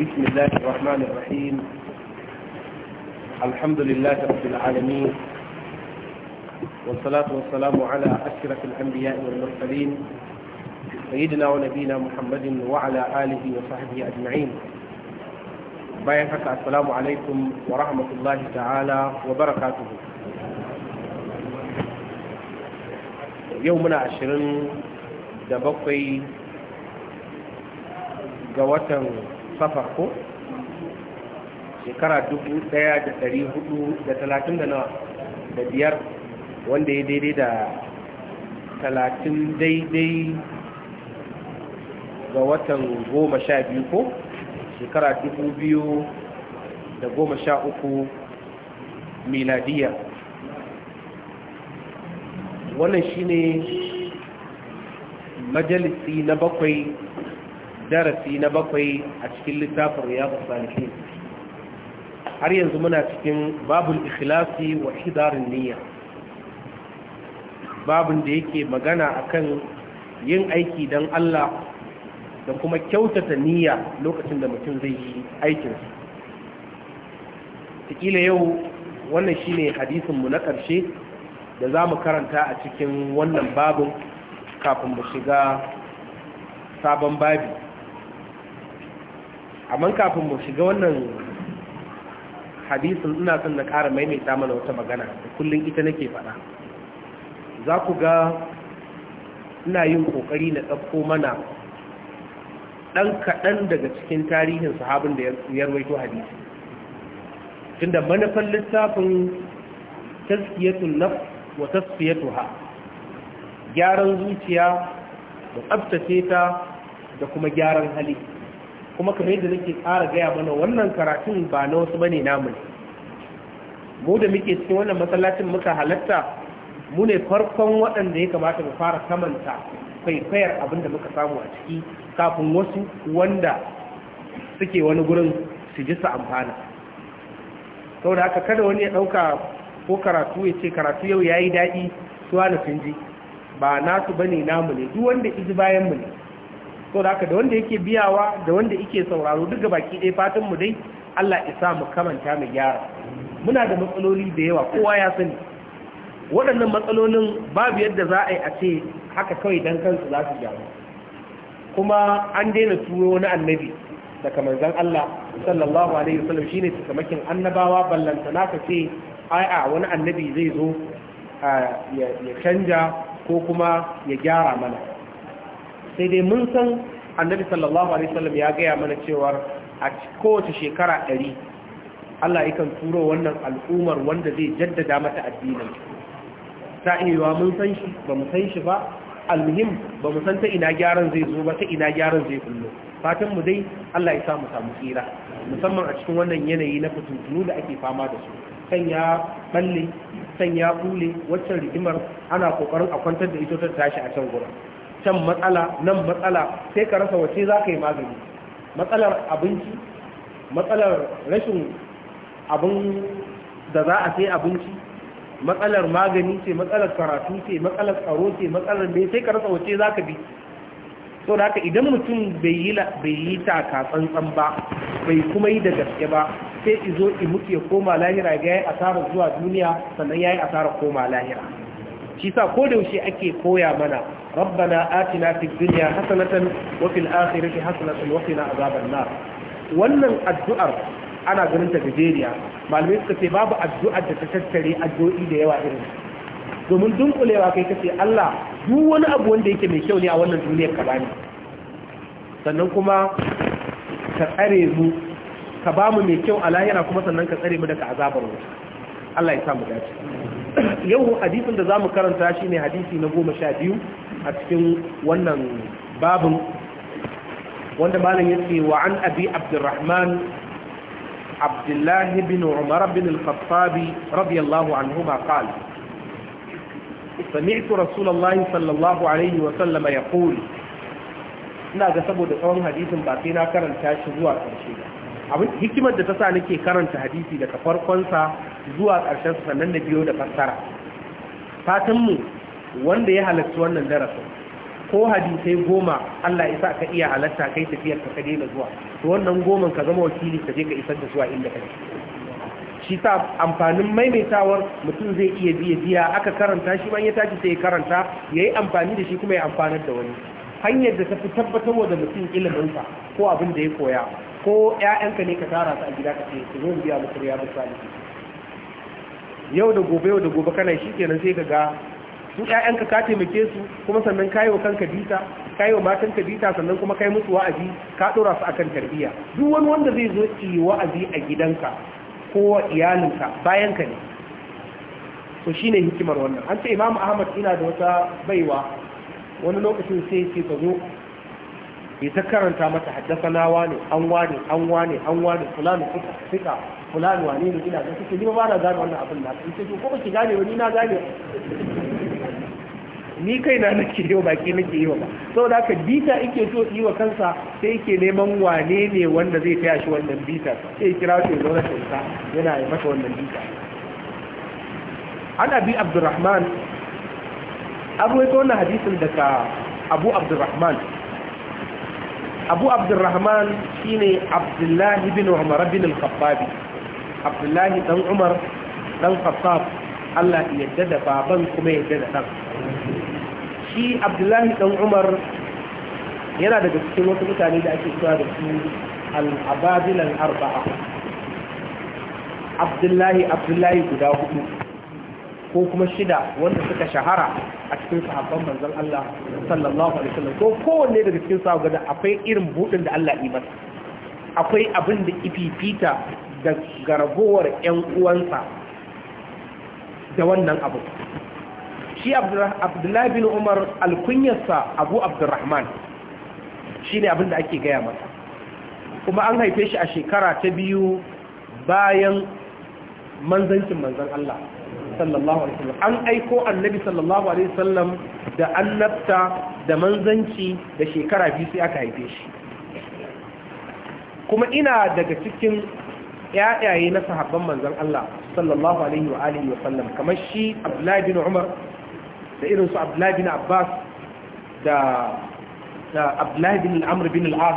بسم الله الرحمن الرحيم الحمد لله رب العالمين والصلاة والسلام على أشرف الأنبياء والمرسلين سيدنا ونبينا محمد وعلى آله وصحبه أجمعين باين السلام عليكم ورحمة الله تعالى وبركاته يومنا عشرين دبقي جواتن safar ko shekara dubu ɗaya da dari hudu da talatin da nawa da biyar wanda ya daidai da talatin daidai ga watan goma sha biyu ko shekara dubu biyu da goma sha uku miladiya wannan shine majalisi na bakwai darasi na bakwai a cikin littafin riyadu salihin har yanzu muna cikin babul ikhlasi wa hidarin niyya babun da yake magana akan yin aiki don Allah da kuma kyautata niyya lokacin da mutum zai yi aikinsa tikila yau wannan shine hadisin mu na ƙarshe da zamu karanta a cikin wannan babin kafin mu shiga sabon babi amma kafin mu shiga wannan hadisin ina son na ƙara maimaita mana wata magana da kullum ita nake faɗa za ku ga ina yin ƙoƙari na ɗauko mana ɗan kaɗan daga cikin tarihin sahabin da ya rawaito hadisi tunda manufan littafin taskiyatun naf wa ha, gyaran zuciya da tsabtace ta da kuma gyaran hali kuma kamar yadda nake ƙara gaya mana wannan karatun ba na wasu bane namu ne mu da muke cikin wannan masallacin muka halatta mu ne farkon waɗanda ya kamata mu fara kamanta kwaikwayar abin da muka samu a ciki kafin wasu wanda suke wani gurin su ji su amfana sau da haka kada wani ya ɗauka ko karatu ya ce karatu yau ya yi daɗi suwa na sun ji ba nasu bane namu ne duk wanda iji bayan mu ne so da haka da wanda yake biyawa da wanda yake sauraro duka baki ɗaya fatan mu dai Allah isa mu kamanta mu gyara muna da matsaloli da yawa kowa ya sani waɗannan matsalolin babu yadda za a yi a ce haka kawai dan kansu za su gyara. kuma an daina turo na annabi da kamar zan Allah sallallahu alaihi wasallam shine tukamakin annabawa ballanta naka ce ai a wani annabi zai zo ya canja ko kuma ya gyara mana sai dai mun san annabi sallallahu alaihi wasallam ya gaya mana cewa a kowace shekara ɗari Allah yakan turo wannan al'umar wanda zai jaddada mata addinin ta iya mun san shi ba mu san shi ba almuhim ba mu san ta ina gyaran zai zo ba ta ina gyaran zai kullu fatan mu dai Allah ya mu samu tsira musamman a cikin wannan yanayi na fitintunu da ake fama da su kan ya balle kan ya bule waccan rigimar ana kokarin a kwantar da ita ta tashi a can gurin can matsala nan matsala sai ka rasa wace za ka yi magani matsalar abinci matsalar rashin abin da za a sai abinci matsalar magani ce matsalar karatu ce matsalar tsaro ce matsalar mai sai ka rasa wace za ka bi so da haka idan mutum bai yi taka tsantsan ba bai kuma yi da gaske ba sai izo mutu ya koma lahira ga yayi asarar zuwa duniya sannan ya yi asarar koma lahira shi sa ko da yaushe ake koya mana ربنا آتنا في الدنيا حسنة وفي الآخرة حسنة وقنا عذاب النار wannan addu'ar ana ganin ta gajeriya malamai suka ce babu addu'ar da ta tattare addu'o'i da yawa irin domin dunkulewa kai ce Allah duk wani abu wanda yake mai kyau ne a wannan duniyar ka bani sannan kuma ka tsare mu ka ba mu mai kyau a lahira kuma sannan ka tsare mu daga azabar wuta Allah ya sa mu dace yau hadisin da zamu karanta shine hadisi na goma sha biyu a cikin wannan babin wanda malam ya yace wa an abi abdurrahman abdullahi bin umar bin al-khattab radiyallahu anhu anhuma qala sami'tu rasulullahi sallallahu alaihi wa sallam yaqul ina ga saboda tsawon hadisin ba sai na karanta shi zuwa ƙarshe abin hikimar da ta sa nake karanta hadisi daga farkonsa zuwa ƙarshen sannan na biyo da fassara fatanmu wanda ya halarci wannan darasin ko hadisai goma Allah isa ka iya halarta kai tafiyar ka kade da zuwa to wannan goman ka zama wakili ka je ka isar da zuwa inda kake shi sa amfanin maimaitawar mutum zai iya biya biya aka karanta shi man ya tashi sai ya karanta yayi amfani da shi kuma ya amfanar da wani hanyar da ta fi wa da mutum sa ko abin da ya koya ko ‘ya'yanka ne ka tara su a gida ka ce su zo biya musu riya misali yau da gobe yau da gobe kana shi kenan sai ka ga su ƴaƴanka ka taimake su kuma sannan ka yi wa kanka bita ka yi wa matanka bita sannan kuma ka yi musu wa'azi ka ɗora su akan tarbiyya duk wani wanda zai zo yi wa'azi a gidanka ko wa iyalinka bayan ka ne to shine hikimar wannan an ce imamu ahmad ina da wata baiwa wani lokacin sai ce ka zo ya ta karanta mata haddasana wane an wane an wane an wane fulani fika fulani wane ne ina da suke ni ba na gane wannan abin da ita ko ba ki gane wani na gane ni kai na nake yi wa baki nake yi wa ba da aka bita yake so yi wa kansa sai ke neman wane ne wanda zai taya shi wannan bita sai kira shi zo na tsinsa yana yi masa wannan bita an abi abdurrahman an ya tona hadisin daga abu abdurrahman abu abdurrahman ne abdullahi bin umar bin al abdullahi dan umar dan khattab Allah ya yadda da baban kuma ya yadda da ɗan shi abdullahi dan umar yana daga cikin wasu mutane da ake kira da su al arbaa abdullahi abdullahi guda hudu ko kuma shida wanda suka shahara a cikin sahabban manzan Allah sallallahu alaihi wasallam ko kowanne daga cikin sahabba da akwai irin budin da Allah yi akwai abin da ififita da garabowar ƴan uwansa da wannan abu shi abdullahi bin umar alkunyarsa abu abdurrahman shi ne abinda ake gaya masa kuma an haife shi a shekara ta biyu bayan manzancin manzan Allah sallallahu alaihi wasallam an aiko annabi sallallahu alaihi wasallam da annabta da manzanci da shekara biyu sai aka haife shi kuma ina daga cikin ƴaƴaye na sahabban manzan Allah sallallahu alaihi wa alihi sallam kamar shi Abdullahi bin Umar da irin su abdullahi bin abbas da abdullahi bin al’amur bin al'as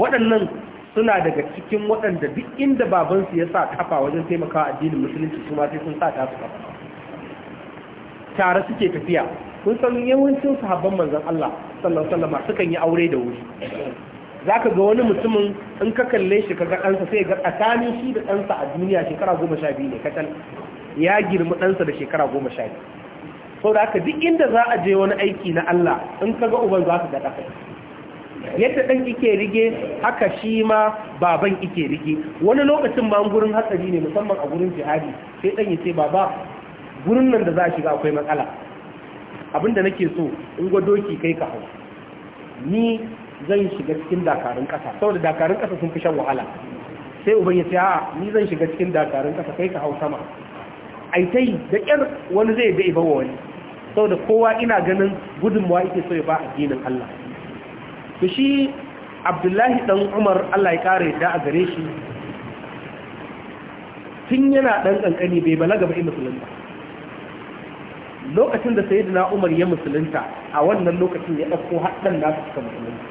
waɗannan suna daga cikin waɗanda duk inda babansu ya sa kafa wajen taimakawa addinin musulunci su ma sai sun sa ta su kafa tare suke tafiya kun san yawancin sahabban manzon Allah sallallahu alaihi wasallam sukan yi aure da wuri zaka ga wani mutumin in ka kalle shi kaga ɗansa sai ga tsakanin shi da ɗansa a duniya shekara goma sha biyu ne kacal ya girmi ɗansa da shekara goma sha biyu sau da aka duk inda za a je wani aiki na Allah in ka ga uban za ka ga ɗakai yadda ɗan ike rige haka shi ma baban ike rige wani lokacin ma gurin hatsari ne musamman a gurin jihadi sai ɗan ya ce baba gurin nan da za a shiga akwai matsala abinda nake so in gwado ki kai ka hau ni zan shiga cikin dakarun ƙasa saboda dakarun ƙasa sun fi shan wahala sai uban ya ce a ni zan shiga cikin dakarun ƙasa kai ka hau sama Aitai, da ƙyar wani zai da ibawa wani saboda kowa ina ganin gudunmawa yake so ya ba addinin Allah to shi Abdullahi ɗan Umar Allah ya kare da a gare shi tun yana dan kankani bai balaga ba musulunta lokacin da sayyidina Umar ya musulunta a wannan lokacin ya dauko haddan nasu suka musulunta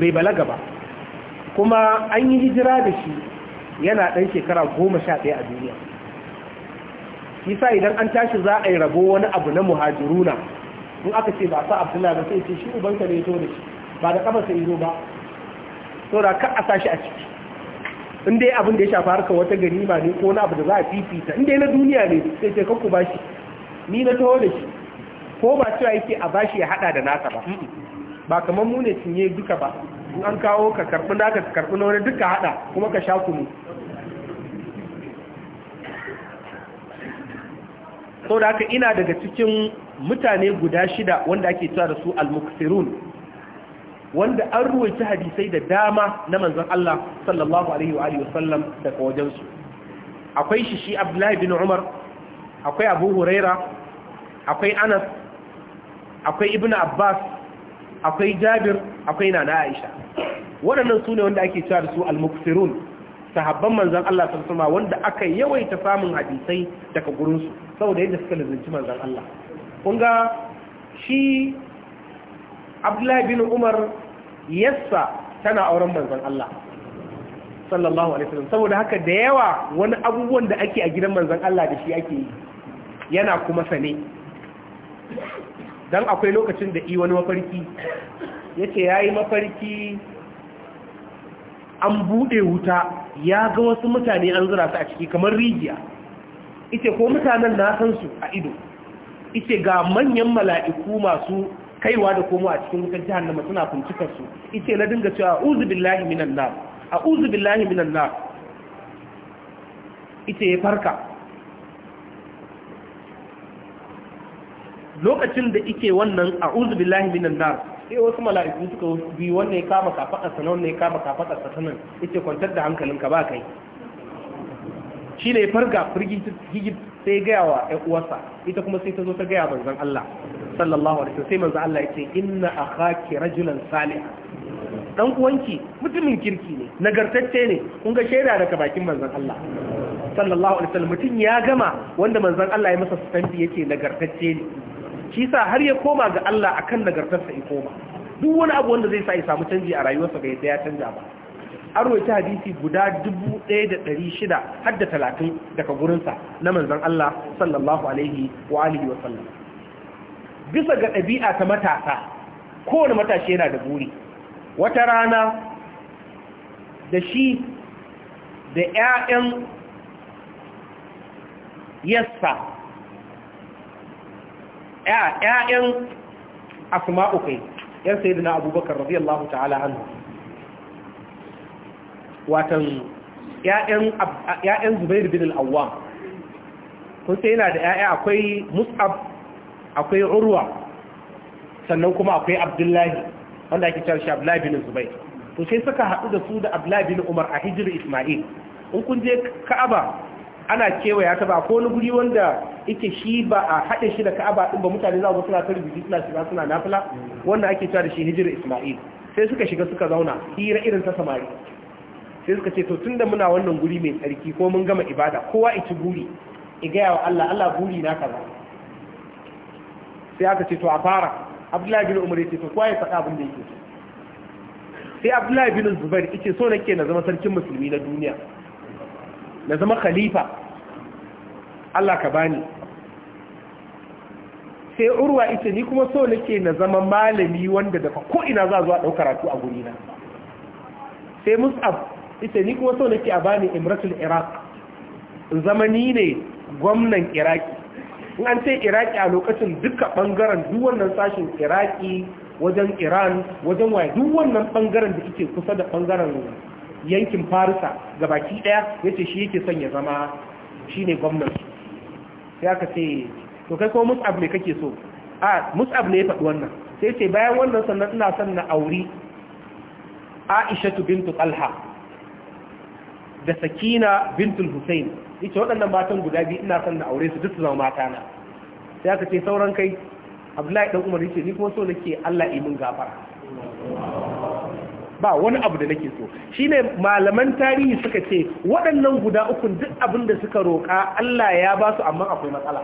bai balaga ba kuma an yi hijira da shi yana ɗan shekara goma sha ɗaya a duniya yasa idan an tashi za a yi rabo wani abu na muhajiruna in aka ce ba sa abdullah ba sai ce shi ubanka ne to da shi ba da kafa sai zo ba to da ka a sashi a ciki in dai abin da ya shafa harkar wata ganima ne ko na abu da za a fifita in dai na duniya ne sai ce kanku ba shi ni na to da shi ko ba cewa yake a bashi ya hada da naka ba ba kamar mu ne cinye duka ba in an kawo ka karbi naka ka karbi na wani duka hada kuma ka sha kunu sau da haka ina daga cikin mutane guda shida wanda ake cewa da su al-muksirun wanda an ruwaita hadisai da dama na manzon Allah sallallahu alaihi wa sallam daga wajensu akwai shi shi Abdullahi bin Umar akwai Abu Huraira akwai Anas akwai Ibn Abbas akwai Jabir akwai Nana Aisha waɗannan su ne wanda ake cewa da su al-muksirun sahabban manzan Allah sallallahu wanda aka yawaita samun hadisai daga gurinsu saboda yadda suka lizinci manzan Allah kun ga shi Abdullahi bin Umar yassa tana auren manzan Allah sallallahu alaihi wasallam saboda haka da yawa wani abubuwan da ake a gidan manzan Allah da shi ake yi yana kuma sane dan akwai lokacin da i wani mafarki yace yayi mafarki an buɗe wuta ya ga wasu mutane an zura su a ciki kamar rijiya ita ko mutanen na san su a ido ita ga manyan mala'iku masu kaiwa da komo a cikin wutar jahannama suna kuncikar su ita na dinga cewa uzu billahi minan a, "Uzu billahi minan na ita ya farka lokacin da ike wannan a, "Uzu billahi minan na sai wasu mala'iku suka bi wanda ya kama kafaɗarsa na wanda ya kama kafaɗarsa ta nan yace kwantar da ka ba kai shi ne farga firgigit sai gaya wa ‘yan uwarsa ita kuma sai ta zo ta gaya manzan Allah sallallahu alaihi sai manzan Allah ya ce inna a haki rajulan salih ɗan uwanki mutumin kirki ne nagartacce ne kun ga shaida daga bakin manzan Allah sallallahu alaihi wasallam mutum ya gama wanda manzan Allah ya masa stampi yake nagartacce ne shi sa har ya koma ga Allah a kan nagartarsa ya koma duk wani abu wanda zai sa ya samu canji a rayuwarsa ga yadda ya canja ba an roƙi hadisi guda 1600 har da 30 daga gurinsa na manzon Allah sallallahu alaihi wa alihi wa sallam bisa ga ɗabi'a ta matasa kowane matashi yana da buri wata rana da shi da 'ya'yan yassa ƴaƴan asma'u kai yan sayyidina abubakar radiyallahu ta'ala anhu watan ƴaƴan zubair bin al-awwam kun sai yana da ƴaƴa akwai mus'ab akwai urwa sannan kuma akwai abdullahi wanda ake cewa abdullahi bin zubair to sai suka haɗu da su da abdullahi bin umar a hijir isma'il in kun je ka'aba ana kewaya ta ba ko wani guri wanda yake shi ba a haɗe shi da ka'aba din ba mutane za su suna ta suna shiga suna nafila wannan ake cewa da shi hijira isma'il sai suka shiga suka zauna hira irin ta samari sai suka ce to tunda muna wannan guri mai tsarki ko mun gama ibada kowa ici guri i gaya wa Allah Allah guri na kaza sai aka ce to a fara Abdullahi bin Umar ya ce to kowa ya faɗa abin da yake so sai Abdullahi bin Zubair yake so nake na zama sarkin musulmi na duniya na zama khalifa Allah ka bani sai urwa ita ni kuma so nake na zama malami wanda daga ina za zuwa dauka karatu a gurina sai mus'ab ita ni kuma so nake a bani imratul iraq zama ni ne gwamnan iraki in an ce iraki a lokacin duka bangaren duk wannan sashin iraki wajen iran wajen waye duk wannan bangaren da ke kusa da bangaren yankin farisa ga baki daya ya ce shi yake son ya zama shi ne gwamnansu sai aka ce to kai kuma mus'ab ne kake so a mus'ab ne ya faɗi wannan sai ce bayan wannan sannan ina son na auri aishatu bintu talha da sakina bintul ya yace waɗannan matan guda biyu ina son na aure su duk su zama mata na sai aka ce sauran kai abdullahi dan umar ce ni kuma so nake Allah yi min gafara ba wani abu da nake so shine malaman tarihi suka ce waɗannan guda uku duk abin da suka roƙa Allah ya ba su amma akwai matsala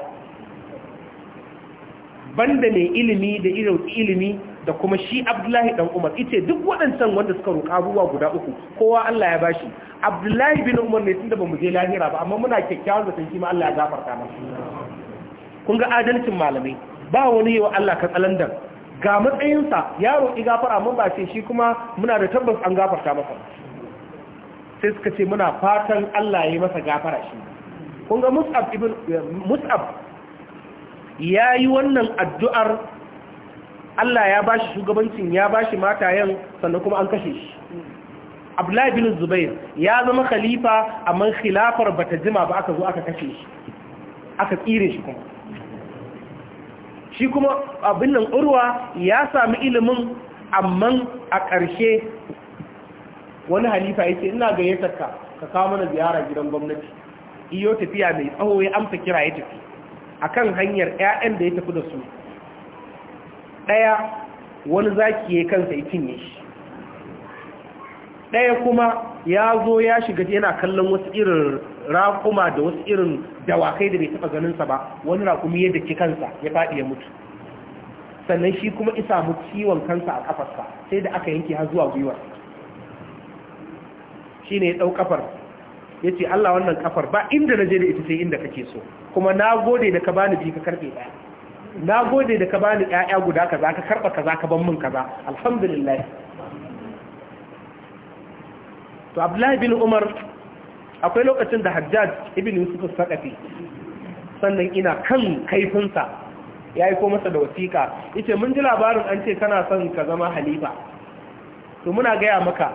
banda ne ilimi da irin ilimi da kuma shi Abdullahi dan Umar ite duk waɗancan wanda suka roƙa abubuwa guda uku kowa Allah ya bashi Abdullahi bin Umar ne tunda bamu je lahira ba amma muna kyakkyawan zaton shi ma Allah ya gafarta masa kun ga adalcin malamai ba wani yawa Allah ka tsalandan ga matsayinsa ya roƙi gafara mun ba ce shi kuma muna da tabbas an gafarta masa sai suka ce muna fatan Allah ya yi masa gafara shi kun ga mus'ab ibn mus'ab ya yi wannan addu'ar Allah ya bashi shugabancin ya bashi shi matayen sannan kuma an kashe shi. Abdullahi bin Zubair ya zama khalifa amma khilafar bata jima ba aka zo aka kashe shi, aka tsire shi kuma. shi kuma abin nan urwa ya sami ilimin amma a ƙarshe wani halifa ya ce ina gayyatar ka ka kawo mana ziyara gidan gwamnati iyo tafiya mai tsawo ya amsa kira ya tafi akan hanyar 'ya'yan da ya tafi da su ɗaya wani zaki ya kansa ya cinye shi ɗaya kuma ya zo ya shiga yana kallon wasu irin raƙuma da wasu irin dawakai da bai taɓa ganinsa ba wani rakumi ya dake kansa ya faɗi ya mutu sannan shi kuma isa mu ciwon kansa a kafarsa sai da aka yanke har zuwa gwiwar shi ne ya ɗau kafar ya ce Allah wannan kafar ba inda na je da ita sai inda kake so kuma na gode da ka bani bi ka karɓe ɗaya na gode da ka bani ƴaƴa guda kaza ka karɓa kaza ka ban min kaza alhamdulillah to Abdullahi bin Umar akwai lokacin da hajjaj ibn yusuf sakafi sannan ina kan kaifinsa ya yi komasa da wasiƙa ita mun ji labarin an ce kana son ka zama halifa to muna gaya maka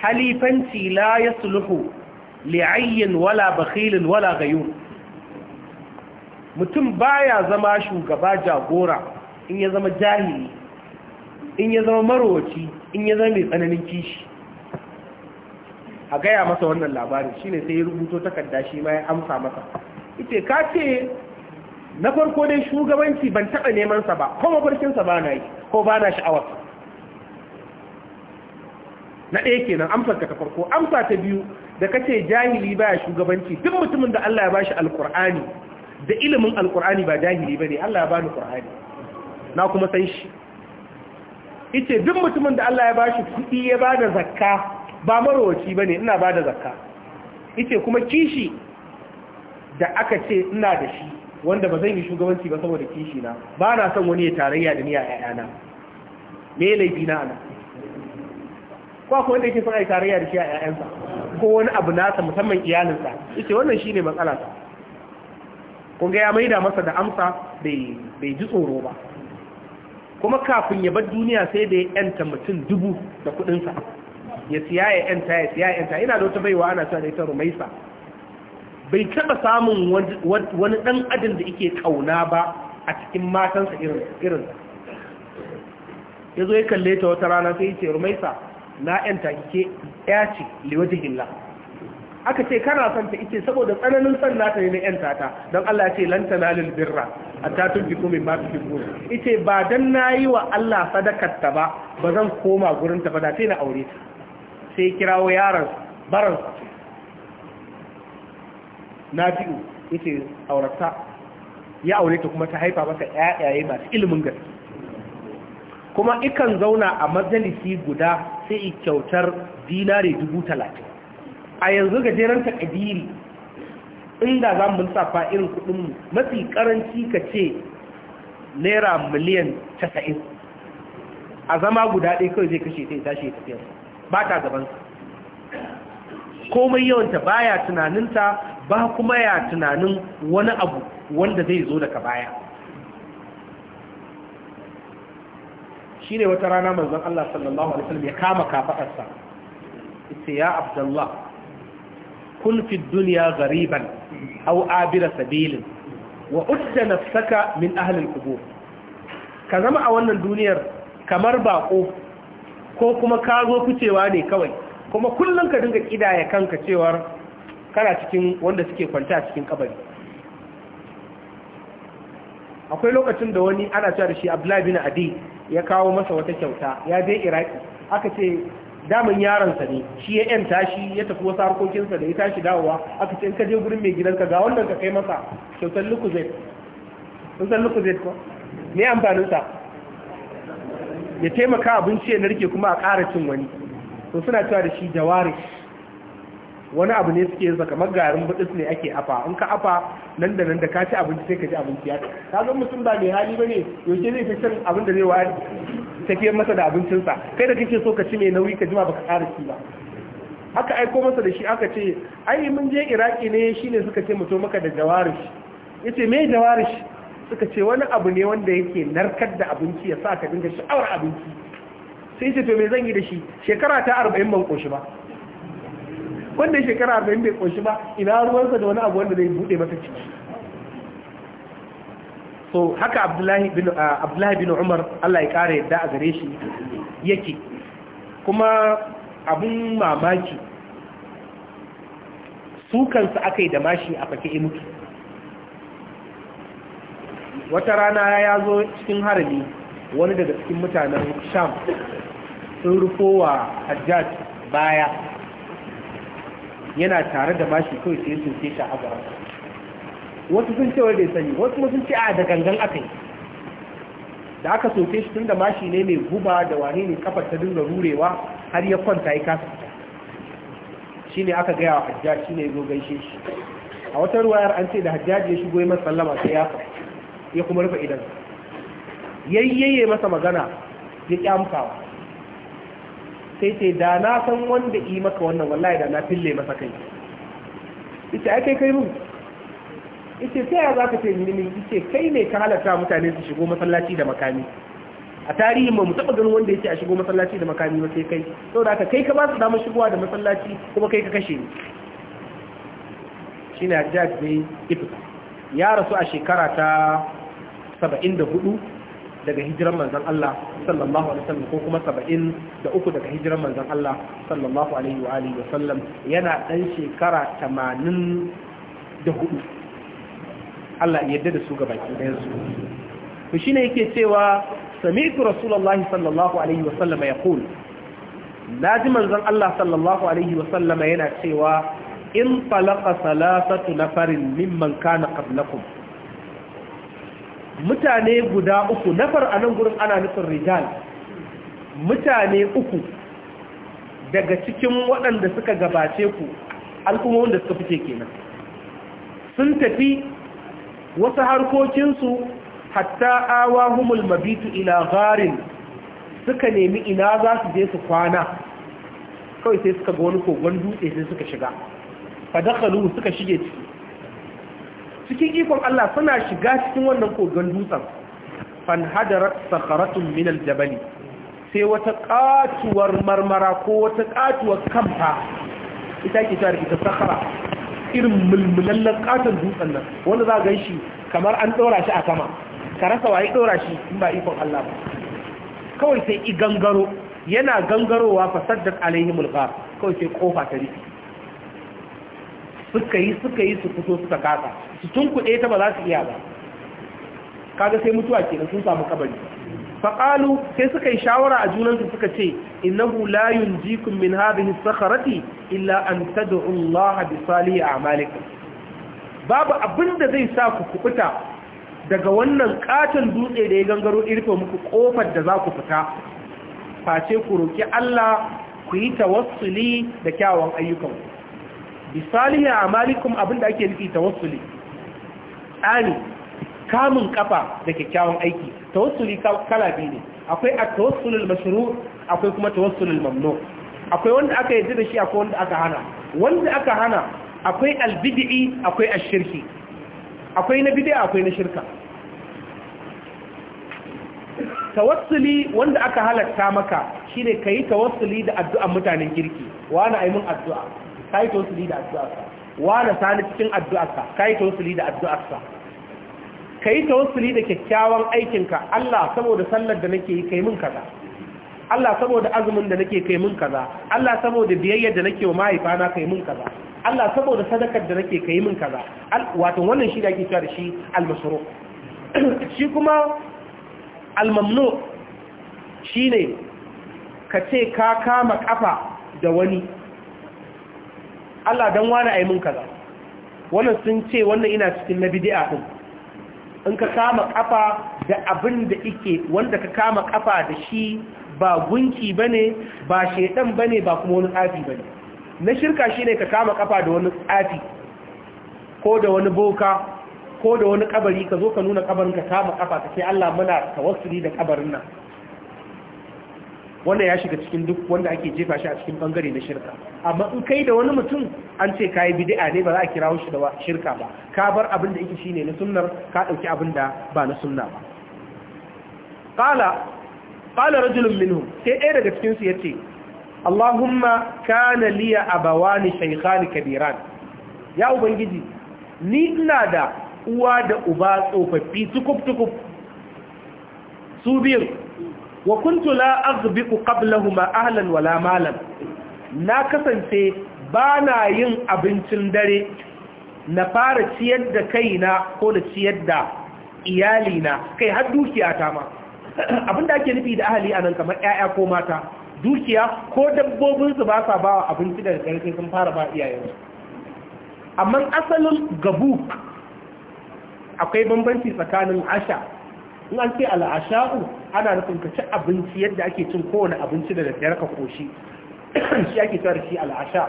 halifanci la suluhu li'ayyin wala bakilin wala gayun mutum baya zama shugaba jagora in ya zama jahili in ya zama marowaci in ya zama mai tsananin kishi a gaya masa wannan labarin shine sai ya rubuto takarda shi ma ya amsa masa ita ka ce na farko dai shugabanci ban taɓa neman sa ba kuma barkinsa ba na yi ko ba na sha'awar na ɗaya kenan amsar ka ta farko amsa ta biyu da kace jahili baya shugabanci duk mutumin da Allah ya bashi alkur'ani da ilimin alkur'ani ba jahili bane Allah ya bani kur'ani na kuma san shi ita duk mutumin da Allah ya bashi kuɗi ya bada zakka ba marowaci ba ne ina ba da zakka ita kuma kishi da aka ce ina da shi wanda ba zai yi shugabanci ba saboda kishi na ba na son wani ya tarayya da niyya a yana me laifi na ana ko ko wanda yake son ai tarayya da shi a 'ya'yansa ko wani abu nasa musamman iyalinsa ita wannan shine matsala ta kun ga ya maida masa da amsa bai bai ji tsoro ba kuma kafin ya bar duniya sai da ya yanta mutum dubu da kuɗinsa ya siya ya yanta ya siya ya yanta ina da wata baiwa ana cewa da ita rumaisa bai taba samun wani dan adin da yake kauna ba a cikin matansa irin irin yazo ya kalle ta wata rana sai ya ce rumaisa na yanta kike ya ce liwajihillah aka ce kana son ta ike saboda tsananin son nata ne na yanta ta don Allah ce lan tanalil birra hatta ma fi gudu ice ba dan nayi wa Allah sadakar ta ba bazan koma gurin ta ba da sai na aure ta sai kirawo yaron baran na biyu ita aurata ya aure ta kuma ta haifa masa yayaye masu ilimin gaske kuma ikan zauna a majalisi guda sai kyautar dinare dubu talatin a yanzu gajeren takadiri inda za mu lissafa irin kudinmu mafi karanci ka ce naira miliyan 90 a zama guda ɗaya kawai zai kashe ta ya tashi ya tafiya ba ta gabansa komai yawanta baya tunaninta ba kuma ya tunanin wani abu wanda zai zo daga baya shi ne wata rana manzon Allah sallallahu Alaihi wasallam ya kama kafaɗarsa ita ya abdullah kun fi duniya gariban au abira sabilin wa udda nafsaka min ahalin kubo. ka zama a wannan duniyar kamar baƙo. ko kuma ka zo ficewa ne kawai kuma kullum ka dinga kidaya kanka cewar kana cikin wanda suke kwanta cikin kabari akwai lokacin da wani ana cewa da shi abdullahi bin adi ya kawo masa wata kyauta ya je iraki aka ce damin yaransa ne shi ya yan tashi ya tafi wasu harkokinsa da ya tashi dawowa aka ce in ka je gurin mai gidanka ga wannan ka kai masa kyautar lukuzet lukuzet ko me amfaninsa ya taimaka abinci ya narke kuma a ƙara cin wani to suna cewa da shi jawari wani abu ne suke zaka kamar garin ne ake afa in ka afa nan da nan da ka ci abinci sai ka ji abinci ya ka ga mutum ba mai hali bane yaushe zai fi cin abin da zai wa tafiyar masa da abincinsa kai da kake so ka ci mai nauyi ka jima baka ƙara ci ba aka aiko masa da shi aka ce ai mun je iraki ne shine suka ce to maka da jawarish yace me jawarish suka ce wani abu ne wanda yake narkar da abinci ya sa ka dinga sha'awar abinci sai ce to me zan yi da shi shekara ta arba'in ban koshi ba wanda shekara arba'in bai koshi ba ina ruwansa da wani abu wanda zai buɗe masa ciki so haka abdullahi bin uh, abdullahi bin umar Allah ya kare yadda a gare shi yake kuma abun mamaki su kansu da mashi a fake mutu wata rana ya zo cikin harami wani daga cikin mutanen sham sun wa hajjaj baya yana tare da mashi kawai sai sun ce shi a wasu sun ce wai bai sani wasu kuma sun ce a da gangan aka yi da aka soke shi tun da mashi ne mai guba da wane ne kafar ta dinga rurewa har ya kwanta ya kasa shi ne aka gaya wa hajjaj shi ne ya zo gaishe shi a wata ruwayar an ce da hajjaj ya shigo ya sallama sai ya ya kuma rufe idan yayyaye masa magana ya kyamkawa sai ce da na san wanda yi maka wannan wallahi da na fille masa kai ita ai kai kai mun ita ta yaya za ka ce mini ita kai ne ka halarta mutane su shigo masallaci da makami a tarihin ba mu taɓa ganin wanda yake a shigo masallaci da makami ba sai kai saboda haka kai ka ba su damar shigowa da masallaci kuma kai ka kashe ni shine Hajjaj bin Ibn ya rasu a shekara ta 74 daga hijiran manzan Allah sallallahu alaihi wasallam ko kuma 73 daga hijiran manzan Allah sallallahu alaihi wa alihi wasallam yana dan shekara 84 Allah yadda da su gabaki ɗayan su to shine yake cewa sami'tu rasulullahi sallallahu alaihi wasallam yaqul naji manzan Allah sallallahu alaihi wasallam yana cewa in talaqa salasatu nafarin mimman kana qablakum mutane guda uku nafar a nan gurin ana nufin rijal mutane uku daga cikin waɗanda suka gabace ku al'ummomin da suka fice kenan sun tafi wasu harkokinsu hatta awa humul mabitu ila gharin suka nemi ina za su je su kwana kawai sai suka ga wani kogon dutse sai suka shiga fadakalu suka shige ciki cikin ikon Allah suna shiga cikin wannan kogon dutsen fanhadarat sakaratun minal jabali sai wata katuwar marmara ko wata katuwar kamfa ita ke tare ita sakara irin mulmulallen katon dutsen nan wanda za gan shi kamar an ɗora shi a sama ka rasa waye ɗora shi in ba ikon Allah ba kawai sai i gangaro yana gangarowa da alaihi mulka kawai sai kofa ta rikki suka yi suka yi su fito suka kasa su tunkuɗe ta ba za su iya ba kaga sai mutuwa kenan sun samu kabari faƙalu sai suka yi shawara a junansu suka ce innahu la yunjikum min hadhihi sakharati illa an tad'u Allah bi a'malikum babu abinda zai sa ku kubuta daga wannan katon dutse da ya gangaro irfe muku kofar da za ku fita face ku roki Allah ku yi tawassuli da kyawun ayyukan bi salihi a'malikum abinda ake nufi tawassuli tsani kamun kafa da kyakkyawan aiki tawassuli kala biyu ne akwai at-tawassulul mashru' akwai kuma tawassulul mamnu akwai wanda aka yarda da shi akwai wanda aka hana wanda aka hana akwai albid'i akwai ashirki akwai na bid'a akwai na shirka tawassuli wanda aka halatta maka shine kai tawassuli da addu'an mutanen kirki wani aimin addu'a kai tawassuli da addu'a na sani cikin addu'arsa ka yi tausuli da addu'arsa ka yi tausuli da kyakkyawan aikinka Allah saboda sallar da nake yi kaimun kaza Allah saboda azumin da nake kaimun kaza Allah saboda biyayyar da nake wa mahaifana na kaimun kaza Allah saboda sadakar da nake kaimun kaza wato wannan shi da ake cewa da shi al-masruh shi kuma al-mamnu ne ka ce ka kama kafa da wani Allah dan wani yi mun kaza wannan sun ce wannan ina cikin na bid'a ɗin in ka kama ƙafa da abin da ike wanda ka kama ƙafa da shi ba gunki ba ne, ba shaidan ba ne, ba kuma wani tsafi ba ne, na shirka shi shine ka kama ƙafa da wani tsafi ko da wani boka ko da wani ƙabari, ka zo ka nuna kabarin ka kama ƙafa ka ce Allah muna tawassuli da kabarin nan wannan ya shiga cikin duk wanda ake jefa shi a cikin bangare na shirka amma in kai da wani mutum an ce ka yi bid'a ne ba za a kirawo shi da shirka ba ka bar abin da yake shine na sunnar ka dauki abin da ba na sunna ba qala qala rajulun minhum sai ɗaya daga cikin su yace Allahumma kana liya abawani shaykhani kabiran ya ubangiji ni ina da uwa da uba tsofaffi tukuf tukuf su biyu wa kuntu la aghbiqu qablahuma ahlan wala malan na kasance ba na yin abincin dare na fara ciyar da kaina ko da ciyar da iyalina kai har dukiya ta ma abinda ake nufi da ahali anan kamar 'ya'ya ko mata dukiya ko dabbobinsu ba sa bawa abinci daga ƙarfi sun fara ba iyayensu amma asalin gabuk akwai bambanci tsakanin asha in an ce al'asha'u ana nufin ka ci abinci yadda ake cin kowane abinci da daddare ka koshi shi ake tsara shi al'asha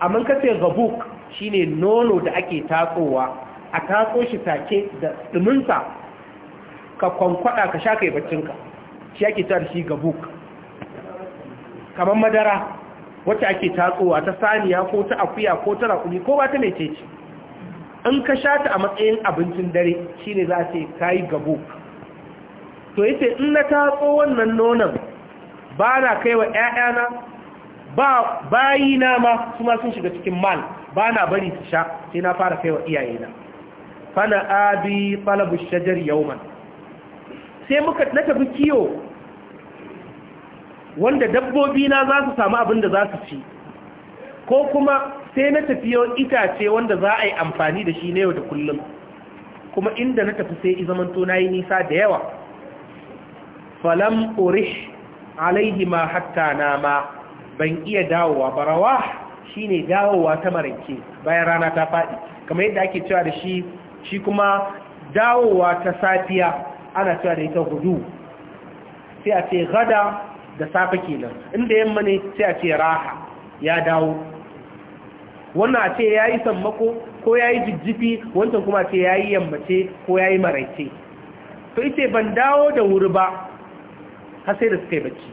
amma ka ce gabuk ne nono da ake tatsowa a tatso shi take da duminsa ka kwankwada ka sha kai baccinka shi ake tsara shi gabuk kamar madara wacce ake tatsowa ta saniya ko ta akuya ko ta rakuni ko ba ta mece ce An ka sha ta a matsayin abincin dare shine za ce kayi gabo to yace in na tatso wannan nonon ba na kai wa ƴaƴana ba bayina ma kuma sun shiga cikin mal ba na bari su sha sai na fara kai wa iyayena fana abi talabu shajar yawman sai muka na tafi kiyo wanda dabbobi na za su samu abin da za su ci ko kuma sai na tafi tafiyo itace wanda za a yi amfani da shi na yau da kullum kuma inda na tafi sai izamanto na yi nisa da yawa falam orish alaihi ma hatta na ma ban iya dawowa barawa shi ne dawowa ta maranke bayan rana ta faɗi kamar yadda ake cewa da shi shi kuma dawowa ta safiya ana cewa da ita hudu sai a ce gada da safe kenan inda yamma ne sai a ce raha ya dawo wannan a ce ya yi sammako ko ya yi jijjifi wancan kuma ce ya yi yammace ko ya yi maraice to ita ban dawo da wuri ba har sai da suka yi bacci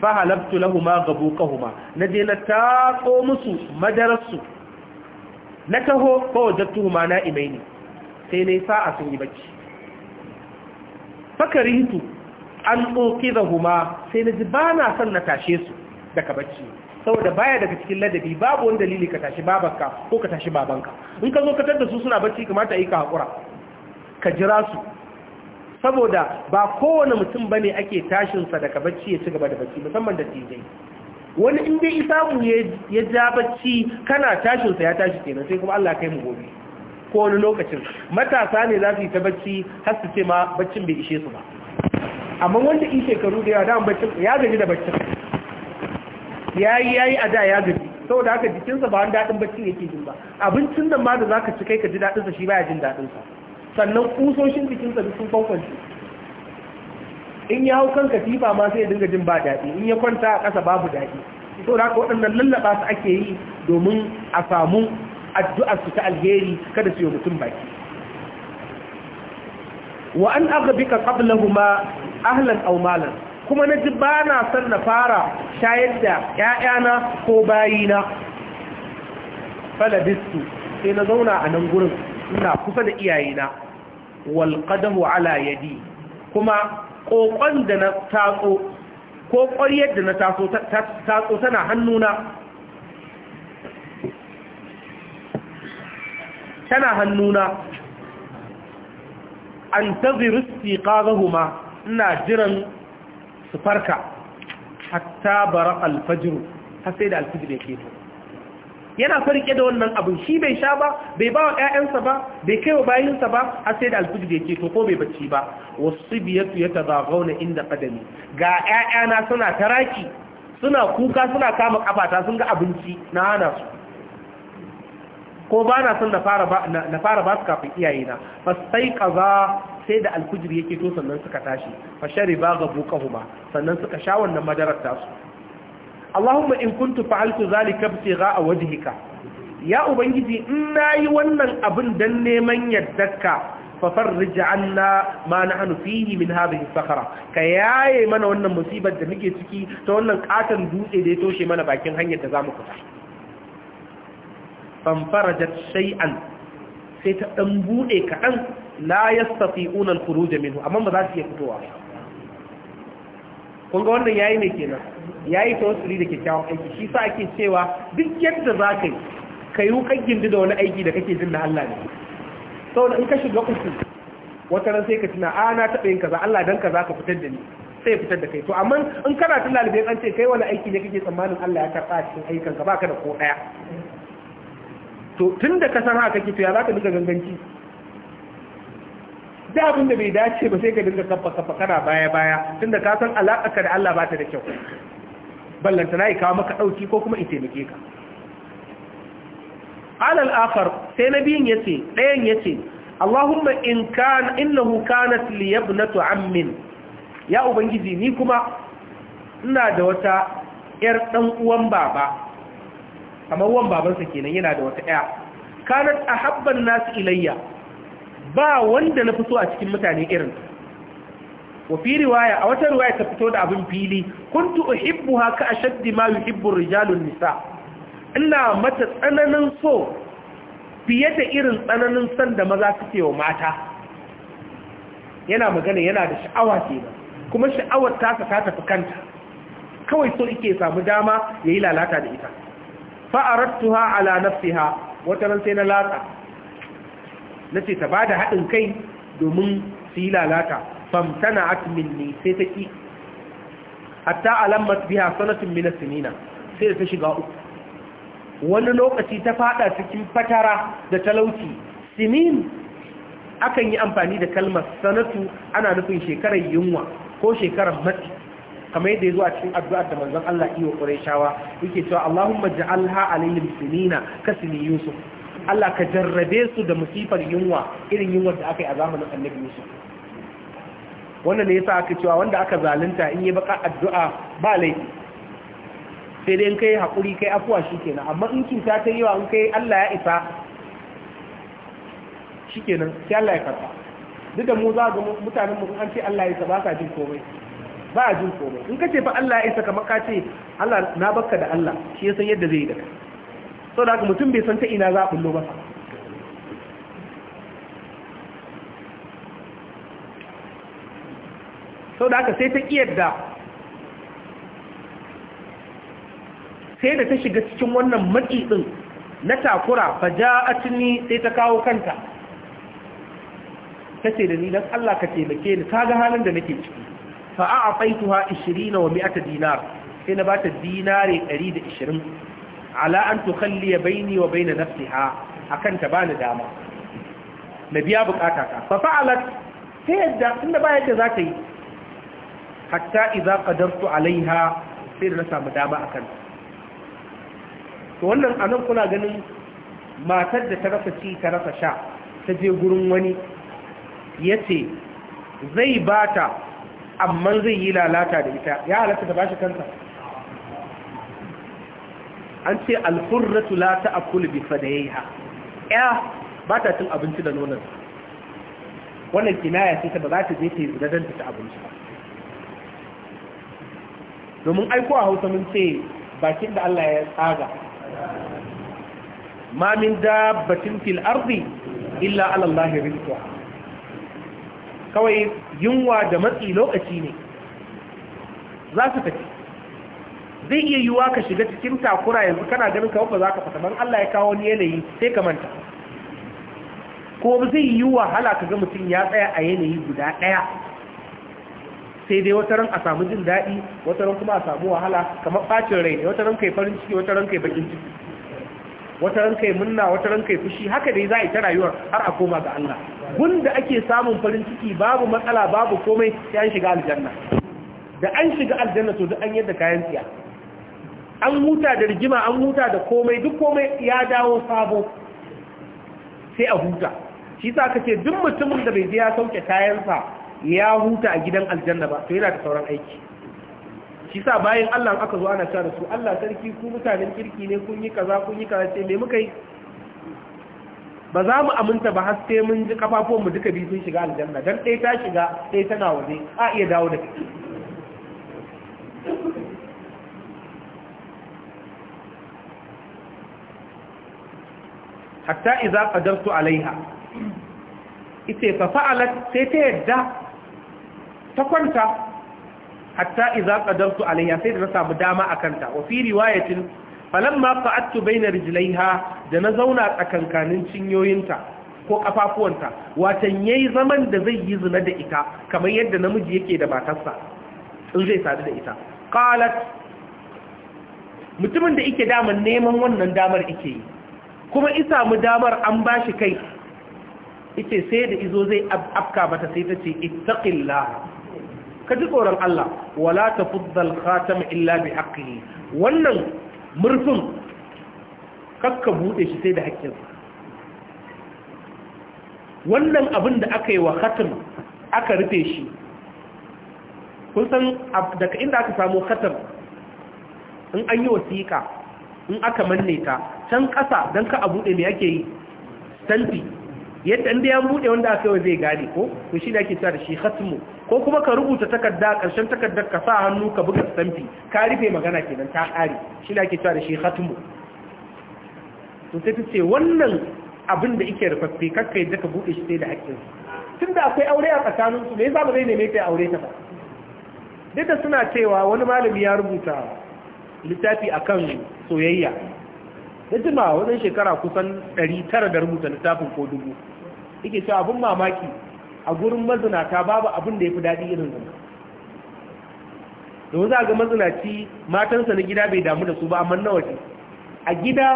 fa halabtu lahuma gabuqahuma na je na taƙo musu madararsu na taho fa wajadtuhuma na imaini sai nayi sa'a sun yi bacci fakaritu an huma sai na ji bana son na tashe su daga bacci saboda baya daga cikin ladabi babu wani dalili ka tashi babanka ko ka tashi babanka in ka zo ka da su suna bacci kamata yi ka haƙura ka jira su saboda ba kowane mutum ba ne ake tashinsa daga bacci ya ci gaba da bacci musamman da tijai wani in dai samu ya ja bacci kana tashinsa ya tashi kenan sai kuma Allah kai mu gobe ko wani lokacin matasa ne za su yi ta bacci har su ce ma baccin bai ishe su ba amma wanda in shekaru da yawa dama baccin ya gaji da baccin Ya yi ya yi a da ya gaji saboda haka jikinsa ba wani daɗin bacci yake jin ba abincin da ma da ka ci kai ka ji daɗin shi baya jin daɗinsa sannan kusoshin jikinsa duk sun kwankwanci in ya hau kan katifa ma sai ya dinga jin ba daɗi in ya kwanta a ƙasa babu daɗi to da haka waɗannan lallaɓa su ake yi domin a samu Addu'a su ta alheri kada su yi mutum baki wa an aka bika ma ahlan Aumalan. malan kuma na ji ba na son na fara shayar da ‘ya'yana ko bayina falabistu sai na zauna a nan gurin ina kusa da iyayena walƙadahu ala yadi kuma ƙoƙon da na tatso ko ƙwaryar da na tana hannuna tana hannuna an tazirusti ina jiran su farka hatta bara alfajiru har sai da alfajir ya keto yana farke da wannan abin shi bai sha ba bai ba wa ƴaƴansa ba bai kai wa bayinsa ba har sai da alfajir ya keto ko bai bacci ba wasu biyatu ya inda qadami ga ƴaƴana suna taraki suna kuka suna kama kafata sun ga abinci na hana su ko ba na son na fara ba su kafin iyayena fastai kaza sai da alfijir ya to sannan suka tashi fa shariba gabuqahuma sannan suka sha wannan madarar tasu Allahumma in kuntu fa'altu zalika a wajhika ya ubangiji in nayi wannan abin dan neman yaddarka ففرج عنا ما نحن فيه من هذه ka yaye mana wannan musibar da muke ciki ta wannan katan dutse da ya toshe mana bakin hanyar da zamu fita fanfarajat shay'an sai ta dan bude kaɗan. la yastati'una al-khuruj minhu amma ba za su iya fitowa kun ga wannan yayi ne kenan yayi tawassuli da kyakkyawan aiki shi sa ake cewa duk yadda za ka yi ka yi wukan gindi da wani aiki da kake jin na Allah ne da in ka shiga uku wata ran sai ka tuna a ah, na taɓa yin kaza Allah dan kaza ka fitar da ni sai fitar da kai to amma in kana tun lalibai an ce kai wani aiki ne kake tsammanin Allah ya karɓa a cikin ayyukan ka baka da ko ɗaya to tun da ka san haka kake to ya za ka duka ganganci da abin da bai dace ba sai ka dinga kafa kafa kana baya baya tunda ka san alaƙarka da Allah ba ta da kyau ballanta na yi kawo maka ɗauki ko kuma in taimake ka alal Afar, sai na biyun yace ɗayan yace Allahumma in kana innahu kanat li ammin ya ubangiji ni kuma ina da wata yar ɗan'uwan uwan baba kamar uwan babansa kenan yana da wata yar kanat ahabban nas ilayya ba wanda na fito a cikin mutane irin wa fi riwaya a wata riwaya ta fito da abin fili kuntu uhibbuha ka ashaddi ma yuhibbu rijalun nisa ina mata tsananin so fiye da irin tsananin san da maza suke wa mata yana magana yana da sha'awa kenan kuma sha'awar ta ta tafi kanta kawai so ike samu dama yayi lalata da ita fa aradtuha ala nafsiha wata ran sai na latsa na ce ta ba da haɗin kai domin su yi lalata famtana atmin ne sai ta ƙi hatta alammat biya sanatin mina sinina sai da ta shiga uku wani lokaci ta fada cikin fatara da talauci sinin akan yi amfani da kalmar sanatu ana nufin shekarar yunwa ko shekarar matsi kamar yadda ya zuwa cikin addu'ar da manzon Allah iya ƙureshawa yake cewa Allahumma ja'alha alayhim sinina ka Yusuf Allah ka jarrabe su da musifar yunwa irin yunwar da aka yi a zamanin annabi Yusuf wannan ne yasa aka cewa wanda aka zalunta in yi baka addu'a ba laifi sai dai in kai hakuri kai afuwa shikenan amma in cuta ta yawa in kai Allah ya isa shikenan sai Allah ya karba duk da mu za ga mutanen mu an ce Allah ya isa ba sa jin komai ba a jin komai in ka ce fa Allah ya isa kamar ka ce Allah na baka da Allah shi ya san yadda zai yi da kai so da haka mutum bai san ta ina za a kullo ba sau da haka sai ta ƙiyarda sai da ta shiga cikin wannan matsi ɗin na takura ba ja a cini sai ta kawo kanta Ta ce da ni don Allah ka taimake ni ga halin da nake ciki a faituwa 20 wa mi'ata dinar sai na bata dinare 120 ala an tukhalliya baini wa baina nafsiha akan ta bani dama na biya bukata ka fa fa'alat sai yadda tunda ba yadda za ta yi hatta idza qadartu alaiha sai na samu dama akan to wannan anan kuna ganin matar da ta rasa ci ta rasa sha ta je gurin wani yace zai bata amma zai yi lalata da ita ya halatta ta bashi kansa an ce alhurratu la akulu bi fadayha ya ba ta cin abinci da nonon wannan kinaya ce ta ba za ta je ta yi ta abinci ba domin aiko a Hausa mun ce bakin da Allah ya tsaga ma min dabbatin fil ardi illa ala Allah rizqa kawai yunwa da matsi lokaci ne za su tafi zai iya yiwuwa ka shiga cikin takura yanzu kana ganin kawo ba za ka fita Allah ya kawo wani yanayi sai ka manta ko zai yi wahala ka ga mutum ya tsaya a yanayi guda ɗaya sai dai wata ran a samu jin daɗi wata ran kuma a samu wahala kamar ɓacin rai ne wata ran kai farin ciki wata ran kai bakin ciki wata ran kai munna wata ran kai fushi haka dai za a yi ta rayuwar har a koma ga Allah gunda ake samun farin ciki babu matsala babu komai sai an shiga aljanna da an shiga aljanna to duk an yadda kayan tsiya an huta da rigima an huta da komai duk komai ya dawo sabo sai a huta shi sa ka duk mutumin da bai je ya sauke kayansa ya huta a gidan aljanna ba to yana da sauran aiki shi sa bayan Allah aka zo ana cewa su Allah sarki ku mutanen kirki ne kun yi kaza kun yi kaza sai me muka yi ba za mu aminta ba har sai mun ji kafafuwan mu duka biyu sun shiga aljanna dan ɗaya ta shiga ɗaya tana waje a iya dawo da kake hatta iza qadartu alaiha ite fa fa'alat sai ta yadda ta kwanta hatta iza qadartu alaiha sai da na samu dama akan ta wa fi riwayatin falamma bai na rijlaiha da na zauna tsakankanin cinyoyinta ko kafafuwanta watan yayi zaman da zai yi zina da ita kamar yadda namiji yake da matarsa in zai sadu da ita qalat mutumin da ike daman neman wannan damar yake yi kuma isa mu damar an ba shi kai ita sai da izo zai afka mata sai ta ce ittaqillah ka ji tsoron Allah wala tafuddal khatam illa bi haqqihi wannan murfin kakka bude shi sai da hakkin wannan abin da aka yi wa khatam aka rufe shi kun san daga inda aka samu khatam in an yi wasiƙa in aka manne ta can ƙasa don ka a buɗe mai ake yi stampi yadda inda ya buɗe wanda aka yi zai gane ko ku shi da ake cewa da shi hatimu ko kuma ka rubuta takarda ƙarshen takardar ka sa hannu ka buga stampi ka rufe magana kenan ta ƙare shi da ake cewa da shi hatimu to sai ta ce wannan abin da ike rufaffe kakka yadda ka buɗe shi sai da hakkin tun da akwai aure a su me yasa ba zai neme kai aure ta ba duk da suna cewa wani malami ya rubuta littafi akan soyayya da jima wajen shekara kusan 900 da rubuta littafin ko dubu yake cewa abin mamaki a gurin mazinata babu abin da ya fi daɗi irin zama domin za ga mazinaci matansa na gida bai damu da su ba amma nawa waje a gida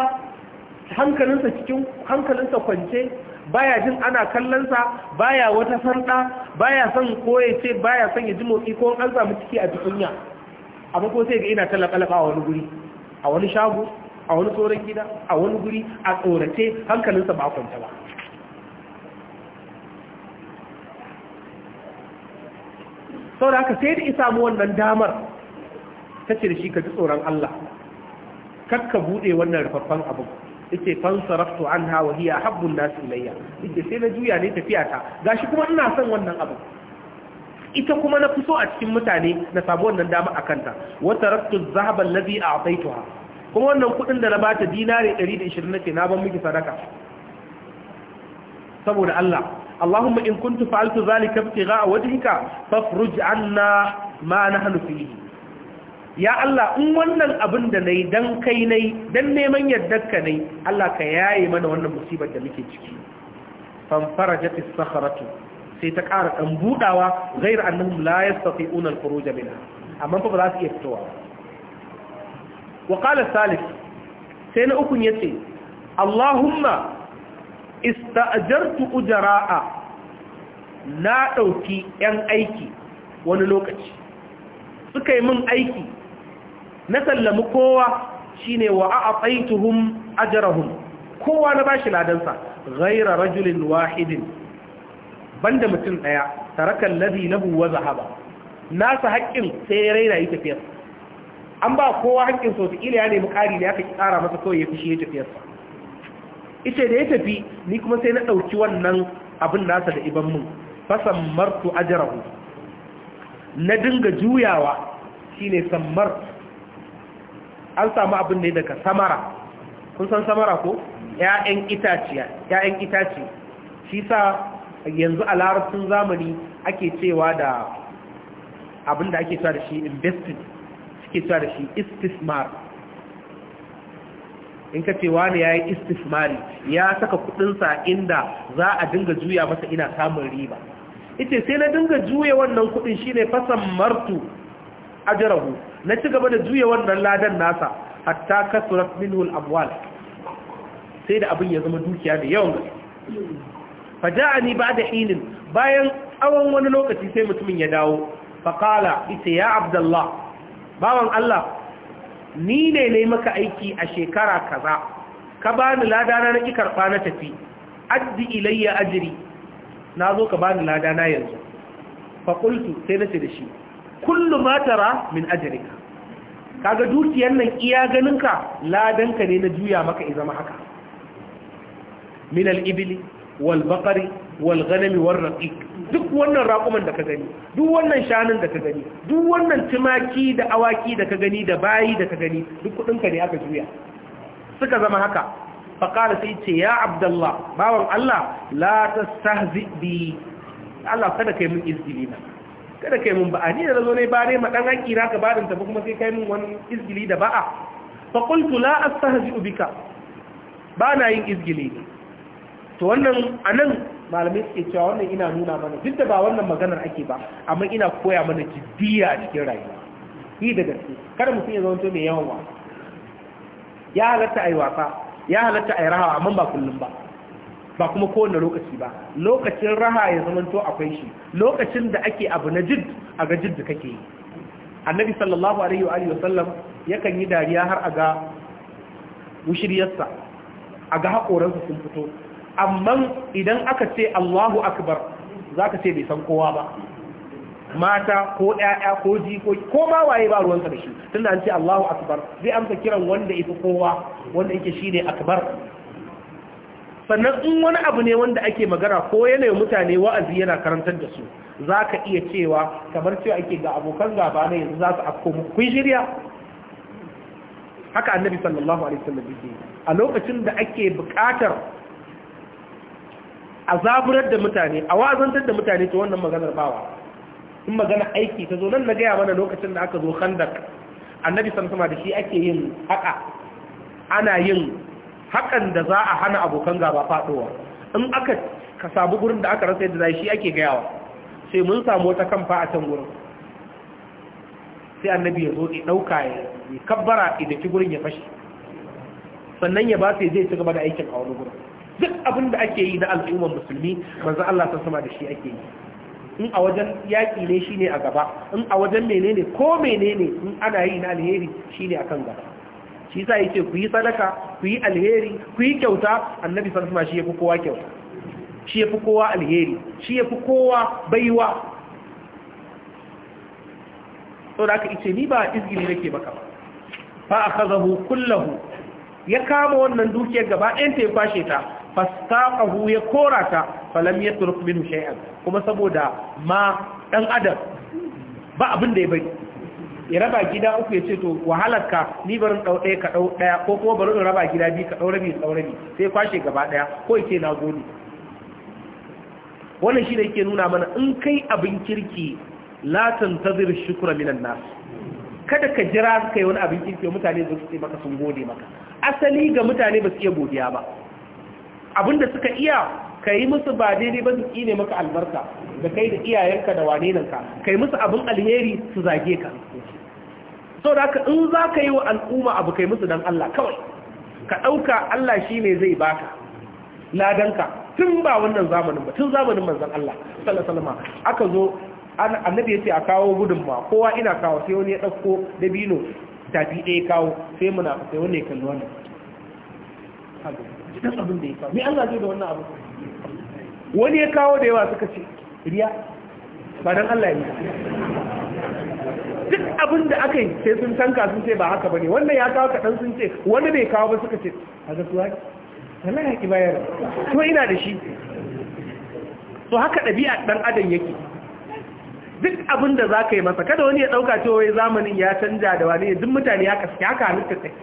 hankalinsa cikin hankalinsa kwance baya jin ana kallonsa baya wata sanda baya son koye ce baya son ya ji motsi ko an samu ciki a tukunya amma ko sai ga ina talaka a wani guri a wani shago a wani tsoron gida a wani guri a tsorace hankalinsa ba kwanta ba sau da haka sai da isa mu wannan damar ta ce da shi ka ji tsoron Allah kakka buɗe wannan rufaffen abin yake fansaraftu an hawa hiya habbun nasu ilayya Ita sai na juya ne tafiya ta gashi kuma ina son wannan abin ita kuma na fi so a cikin mutane na sabuwar wannan dama a kanta wata raktun zahaban lazi a abaituwa kuma wannan kuɗin da na ba ta dinare 120 nake na ban miki sadaka saboda Allah Allahumma in kuntu fa'altu zalika ibtigha'a wajhika fafruj 'anna ma nahnu fihi ya Allah in wannan abin da nayi dan kai nayi dan neman yaddarka nayi Allah ka yaye mana wannan musibar da muke ciki fanfarajat as-sakhratu sai ta ƙara dan budawa ghayr annahum la yastati'una al-khuruj minha amma fa ba za su iya fitowa wa qala sai na ukun ce, Allahumma ista'jartu ujara'a na ɗauki yan aiki wani lokaci suka min aiki na sallami kowa shine wa a'taituhum ajrahum kowa na bashi ladansa raira rajulin wahidin banda mutum ɗaya tarakan ladhi lahu wa zahaba nasa haƙƙin sai ya raina yi tafiyarsa an ba kowa hankin so su ila ya nemi kari da aka tsara masa kawai ya fi shi ya tafiyarsa Ita da ya tafi ni kuma sai na ɗauki wannan abin nasa da iban mun fasan martu ajarahu na dinga juyawa shi san martu an samu abin ne daga samara kun san samara ko ƴaƴan itaciya ya'yan itace shi sa yanzu a larabcin zamani ake cewa da abin da ake cewa da shi investing ake sa da shi istismar in ka ce wani ya yi istismari ya saka kudinsa inda za a dinga juya masa ina samun riba ita sai na dinga juya wannan kudin shine fasan martu ajrahu na ci gaba da juya wannan ladan nasa hatta kasurat minhu abuwal sai da abin ya zama dukiya da yawan gari, ni ba da inin, bayan tsawon wani lokaci sai mutumin ya dawo fakala ita ya abdallah bawan Allah ni ne ne maka aiki a shekara kaza ka bani ladana na ki karba na tafi addi ilayya ajri na zo ka bani na yanzu fa qultu sai nace da shi kullu ma tara min ajrika kaga dukiyar nan iya ganin ladan ladanka ne na juya maka i zama haka min al-ibli wal baqari wal ghanami war raqiq duk wannan raƙuman da ka gani duk wannan shanun da ka gani duk wannan tumaki da awaki da ka gani da bayi da ka gani duk kudinka ne aka juya suka zama haka faƙara sai ce ya abdallah bawan Allah la ta sahzi bi Allah kada kai mun izgili na kada kai mun ba'a ni da zo ne ba ne ma dan haƙi na ka barin ta kuma sai kai mun wani izgili da ba'a fa qultu la astahzi bika ba na yin izgili to wannan anan malamai suke cewa wannan ina nuna mana duk da ba wannan maganar ake ba amma ina koya mana jiddiya a cikin rayuwa yi da gaske kada mutum ya zama mai yawan wasa ya halatta a yi wasa ya halatta a yi raha amma ba kullum ba ba kuma kowane lokaci ba lokacin raha ya zamanto akwai shi lokacin da ake abu na jid a ga jid kake yi annabi sallallahu alaihi wa sallam yakan yi dariya har a ga wushiriyarsa a ga haƙoransa sun fito amma idan aka ce Allahu akbar zaka ce bai san kowa ba mata ko ɗaya ko ji ko ma waye ba ruwansa da shi tunda an ce Allahu akbar zai amsa kiran wanda yafi kowa wanda yake ne akbar sannan in wani abu ne wanda ake magana ko yanayin mutane wa'azi yana karantar da su za ka iya cewa kamar cewa ake ga abokan gaba na yanzu za su afko mu kun shirya haka annabi sallallahu alaihi wasallam yake a lokacin da ake buƙatar a zaburar da mutane a wazantar da mutane ta wannan maganar bawa in magana aiki ta zo nan na gaya mana lokacin da aka zo khandak annabi sama da shi ake yin haka ana yin hakan da za a hana abokan gaba faɗowa in aka ka sabu gurin da aka rasa yadda zai shi ake gayawa sai mun samu wata kamfa a can gurin sai annabi ya zo ya ɗauka ya kabbara idan ki gurin ya fashe sannan ya ba sai zai ci gaba da aikin a wani gurin duk abin da ake yi na al'ummar musulmi manzo Allah ta sama da shi ake yi in a wajen yaƙi ne shine a gaba in a wajen menene ko menene in ana yi na alheri shine akan gaba shi yasa yake ku yi sadaka ku yi alheri ku yi kyauta annabi sallallahu alaihi wasallam shi yafi kowa kyauta shi yafi kowa alheri shi yafi kowa baiwa to da aka ice ni ba izgini nake maka ba fa akhadahu kullahu ya kama wannan dukiyar gaba ɗayan ta ya kwashe ta fastaqahu ya korata falam yatruk minhu shay'an kuma saboda ma dan adam ba abin da ya bari ya raba gida uku ya ce to wahalarka ni barin dau ɗaya ka dau ɗaya ko kuma barin raba gida biyu ka dau rabi ka dau rabi sai kwashe gaba daya ko yake na gode wannan shi ne yake nuna mana in kai abin kirki la tantazir shukra minan nas kada ka jira kai wani abin kirki mutane su ce maka sun gode maka asali ga mutane ba su iya godiya ba abinda suka iya ka yi musu ba daidai ba su ne maka albarka da kai da iyayenka da wanenanka ka yi musu abin alheri su zage ka so da ka in za ka yi wa al'umma abu kai musu don Allah kawai ka ɗauka Allah shi ne zai baka ladanka tun ba wannan zamanin ba tun zamanin manzan Allah sallallahu aka zo annabi ya ce a kawo gudunmawa kowa ina kawo sai wani ya ɗauko dabino tafi ɗaya kawo sai muna sai wani dan abin da ya faru me Allah zai da wannan abu wani ya kawo da yawa suka ce riya ba dan Allah ya duk abin da aka yi sai sun tanka sun ce ba haka bane wannan ya kawo kaɗan sun ce wani bai kawo ba suka ce a ga tuwa sannan ya ki bayar to ina da shi to haka ɗabi'a ɗan adam yake duk abin da za ka yi masa kada wani ya ɗauka cewa wai zamanin ya canja da wani duk mutane ya kaske haka halitta take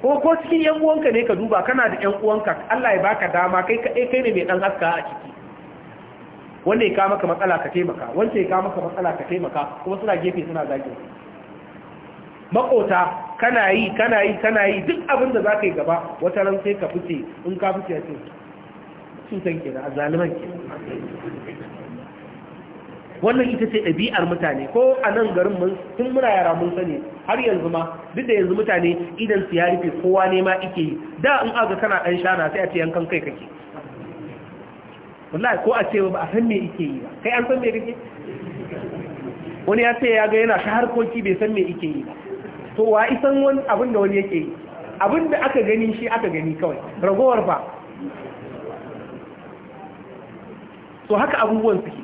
ko ko cikin yan uwanka ne ka duba kana da yan uwanka Allah ya baka dama kai kai kai ne mai dan haska a ciki wanda ya kama ka matsala ka taimaka wanda ya kama ka matsala ka taimaka kuma suna gefe suna zage makota kana yi kana yi kana yi duk abin da zaka yi gaba wata ran sai ka fice in ka fice sai cutan kenan azaliman kenan wannan ita ce ɗabi'ar mutane ko a nan garin mun tun muna yara mun sani har yanzu ma duk da yanzu mutane idan su ya rufe kowa ne ma ike yi da in aga kana ɗan shana sai a ce yankan kai kake wallahi ko a ce ba a san me ike yi ba kai an san me kake wani ya ce ya ga yana ta harkoki bai san me ike yi ba to wa isan wani abin da wani yake yi abin da aka gani shi aka gani kawai ragowar ba to haka abubuwan suke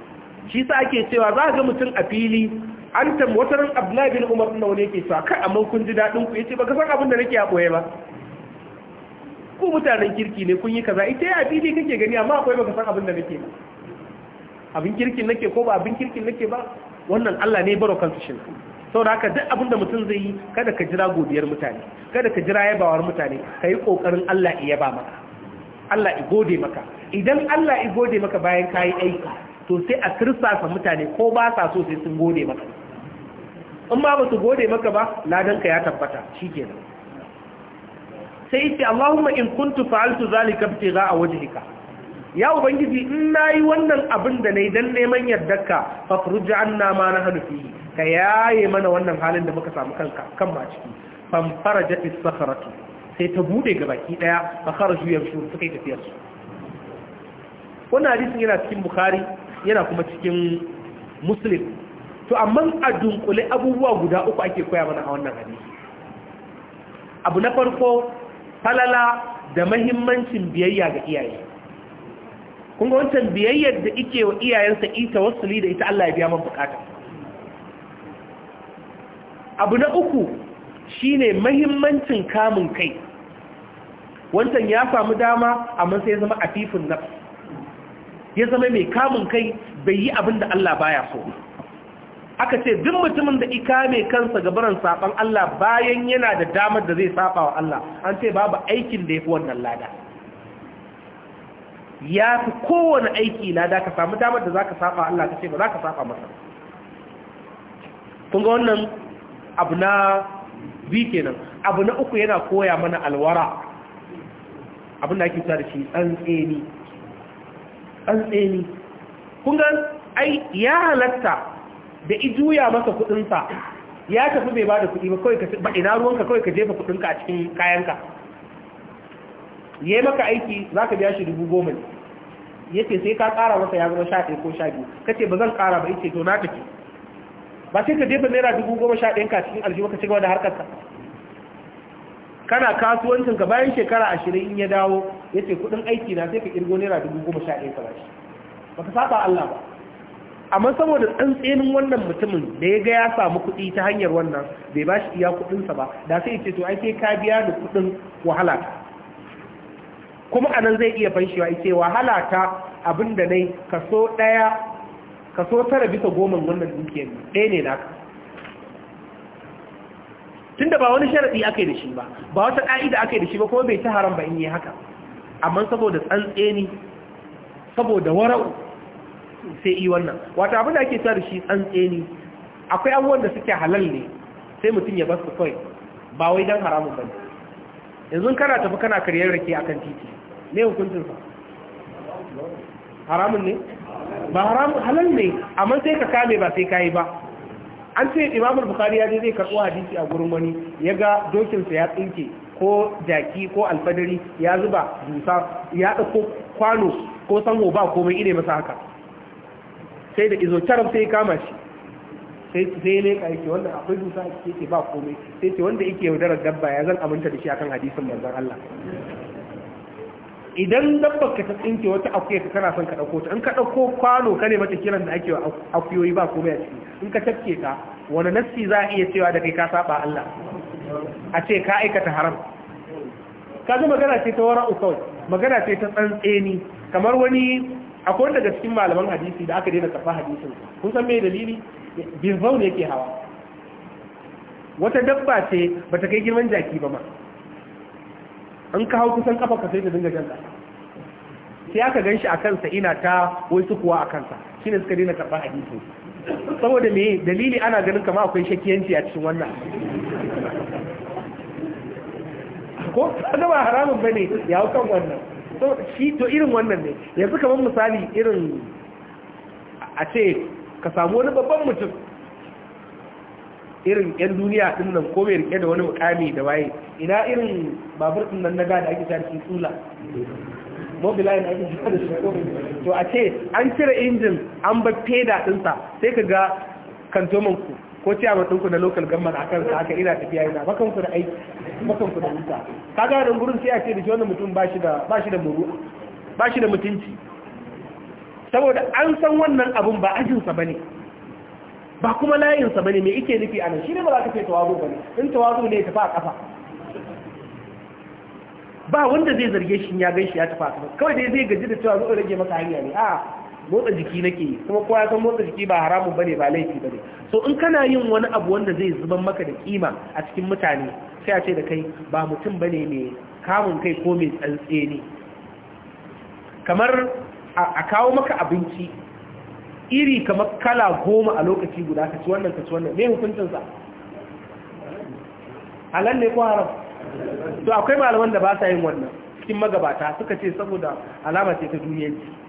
shi sa ake cewa za ga mutum a fili an tam wata ran abdullahi bin umar din wani yake sa kai amma kun ji daɗin ku Ya ba ka san abin da nake a ɓoye ba ku mutanen kirki ne kun yi kaza ita ya bibi kake gani amma akwai ka san abin da nake ba abin kirkin nake ko ba abin kirkin nake ba wannan Allah ne baro kansu Sau saboda haka duk abin da mutum zai yi kada ka jira godiyar mutane kada ka jira yabawar mutane ka yi kokarin Allah ya ba maka Allah ya gode maka idan Allah ya gode maka bayan ka yi aiki to sai a tirsasa mutane ko ba sa so sai sun gode maka in ma ba su gode maka ba ladanka ya tabbata shi ke nan sai ita Allahumma in kuntu fa'altu zalika a wajhika ya ubangiji in nayi wannan abin da nayi dan neman yardarka fakhruj anna ma nahnu fihi ka yaye mana wannan halin da muka samu kanka kan ma ciki fam farajat as-sakhratu sai ta bude ga baki daya fa kharaju yamshu sai tafiyar su wannan hadisin yana cikin bukhari yana kuma cikin muslim to amma a dunkule abubuwa guda uku ake koya mana a wannan hadisi abu na farko falala da mahimmancin biyayya ga iyaye kun ga wancan biyayyar da ike wa iyayensa ita wasuli da ita Allah ya biya man bukata abu na uku shine mahimmancin kamun kai wancan ya samu dama amma sai ya zama afifin nafs ya zama mai kamun kai bai yi abin da Allah baya so aka ce duk mutumin da ikame kansa ga barin saban Allah bayan yana da damar da zai saba wa Allah an ce babu aikin da ya fi wannan lada ya fi kowane aiki lada ka samu damar da za ka wa Allah ka ce ba za ka saba masa kun ga wannan abu na bi kenan abu na uku yana koya mana alwara abin da ake shi da shi tsantseni tsantseni kun ga ai ya halatta da juya masa kudinsa ya tafi bai bada kudi ba kawai ka ba ina ruwanka kawai ka jefa kudinka a cikin kayanka yayi maka aiki zaka biya shi dubu goma ne yace sai ka kara masa ya zama sha ɗaya ko sha biyu kace ba zan kara ba yace to na tafi ba sai ka jefa naira dubu goma sha ɗayan ka cikin aljihu ka cigaba da ka. kana kasuwancin ka bayan shekara ashirin in ya dawo yace kudin aiki na sai ka kirgo naira dubu goma sha ɗaya ka Ba ka saba Allah ba amma saboda tsantsenin wannan mutumin da ya ga ya samu kuɗi ta hanyar wannan bai ba shi iya kuɗinsa ba da sai ce to ai sai ka biya da kuɗin wahala kuma anan zai iya fanshewa ce wahala ta abin da nai kaso ɗaya kaso tara bisa goma wannan dukiyar ɗaya ne naka tunda ba wani sharaɗi aka yi da shi ba ba wata ƙa'ida aka yi da shi ba kuma bai ci haram ba in yi haka amma saboda tsantseni saboda wara'u sai yi wannan wata abin da ake cewa da shi tsantseni akwai abubuwan da suke halal ne sai mutum ya basu kawai ba wai don haramun ba yanzu kana tafi kana karyar rake kan titi ne hukuncin sa haramun ne ba haramun halal ne amma sai ka kame ba sai yi ba an ce imamul bukhari ya je zai karɓo hadisi a gurin wani ya ga dokinsa ya tsinke ko jaki ko alfadari ya zuba dusa ya ɗauko kwano ko sanho ba komai ire masa haka sai da izo taram sai kama shi sai sai ne ka yake wanda akwai dusa yake ba komai sai ce wanda yake yaudarar dabba ya zan aminta da shi akan hadisin manzon Allah idan dabbar ka ta tsinke wata akuya ka kana son ka dauko ta in ka dauko kwano ka ne mata kiran da ake wa akuyoyi ba komai a ciki in ka tafke ta wani nassi za a iya cewa da kai ka saba Allah a ce ka aikata haram ka ji magana ce ta wara kawai. magana ce ta tsantseni kamar wani akwai daga cikin malaman hadisi da aka daina karfa hadisin kun san me dalili bin ne yake hawa wata dabba ce ba ta kai girman jaki ba ma an ka hau kusan kafa ka sai ta dinga janta sai aka gan shi a kansa ina ta wai su kuwa a kansa shi ne suka daina karfa hadisin saboda me dalili ana ganin kama akwai shakiyanci a cikin wannan ko ba haramun bane ya hau kan wannan so shi to irin wannan ne yanzu kamar misali irin a ce ka samu wani babban mutum irin 'yan duniya din nan ko mai rike da wani mukami da waye ina irin babur din nan na ga da ake tare cikin tsula na ake da shi to a ce an cire injin an bar peda dinsa sai ka ga kantoman ko ciyaman ɗinku na local government akan sa aka ina tafiya ina bakan ku da aiki bakan ku da wuta kaga nan gurin sai a ce da shi wannan mutum ba shi da ba da muru ba shi da mutunci saboda an san wannan abun ba ajinsa bane ba kuma layinsa bane me yake nufi anan shi ne ba za ka ce tawazu bane in tawazu ne tafi a kafa ba wanda zai zarge shi ya gaishe ya tafi a kafa kawai dai zai gaji da cewa zo rage maka hanya ne a motsa jiki nake kuma kowa ya san motsa jiki ba haramun bane ba laifi bane so in kana yin wani abu wanda zai zuban maka da kima a cikin mutane sai a ce da kai ba mutum bane mai kamun kai ko mai tsantse ne kamar a kawo maka abinci iri kamar kala goma a lokaci guda ka ci wannan ka ci wannan me hukuncin sa halal ne ko haram to akwai malaman da ba sa yin wannan cikin magabata suka ce saboda alama ce ta duniyanci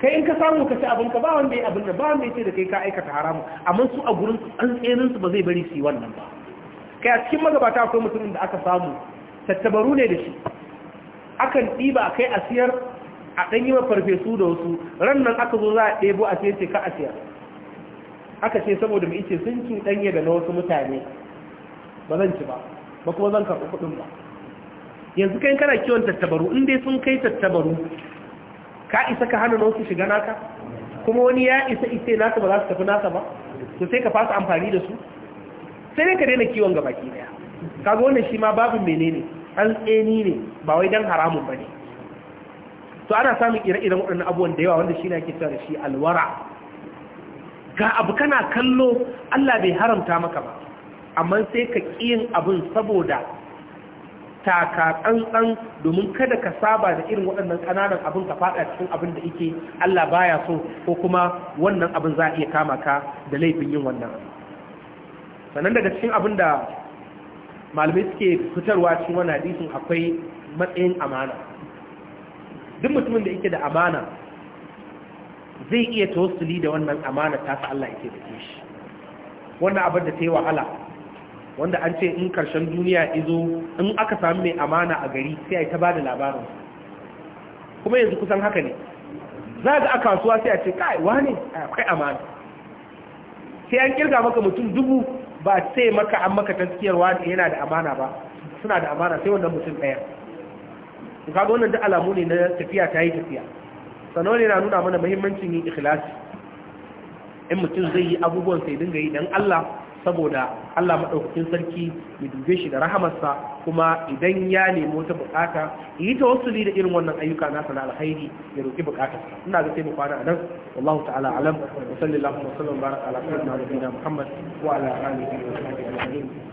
kai in ka samu ka ci abin ka ba wanda ya abin da ba wanda ya ce da kai ka aikata haramu amma su a gurin an tsenin su ba zai bari su yi wannan ba kai a cikin magabata akwai mutumin da aka samu tattabaru ne da shi akan ɗiba a kai a siyar a ɗan yi farfesu da wasu ran nan aka zo za a ɗebo a siyar ce ka a siyar aka ce saboda mai ce sun cuɗanye da na wasu mutane ba zan ci ba ba kuma zan karɓi kuɗin ba yanzu kai kana kiwon tattabaru in dai sun kai tattabaru ka isa ka hana nausu shiga naka kuma wani ya isa ya naka ba za su tafi nasa ba to sai ka fasa amfani da su sai ne ka daina kiwon ga baki daya kaga wannan shi ma babin menene an tseni ne ba wai dan haramun ba ne, to ana samun ire-iren waɗannan abubuwan da yawa wanda shi ne ake cewa da shi alwara ga abu kana kallo Allah bai haramta maka ba amma sai ka ki yin abin saboda taka tsantsan domin kada ka saba da irin waɗannan ƙananan abin ka faɗa cikin abin da ike Allah baya so ko kuma wannan abin za a iya kama ka da laifin yin wannan sannan daga cikin abin da malamai suke fitarwa cikin wani hadisin akwai matsayin amana duk mutumin da ike da amana zai iya tawassuli da wannan amana ta sa Allah yake da shi wannan abin da ta yi wahala wanda an ce in karshen duniya izo in aka sami mai amana a gari sai a yi ta ba da labarin kuma yanzu kusan haka ne za ga a kasuwa sai a ce kai wane akwai amana sai an kirga maka mutum dubu ba sai maka an maka taskiyar wani yana da amana ba suna da amana sai wannan mutum ɗaya kaga wannan duk alamu ne na tafiya ta yi tafiya sannan ne na nuna mana mahimmancin yin ikhlasi in mutum zai yi abubuwan sai dinga yi dan Allah saboda Allah maɗaukacin sarki ya dube shi da rahamarsa kuma idan ya nemi wata bukata yi ta wasu da irin wannan ayyuka nasa na alkhairi ya roƙi bukata ina ga sai mu kwana nan wallahu ta'ala alam wa sallallahu wa sallam baraka ala sayyidina muhammad wa ala alihi wa sahbihi ajma'in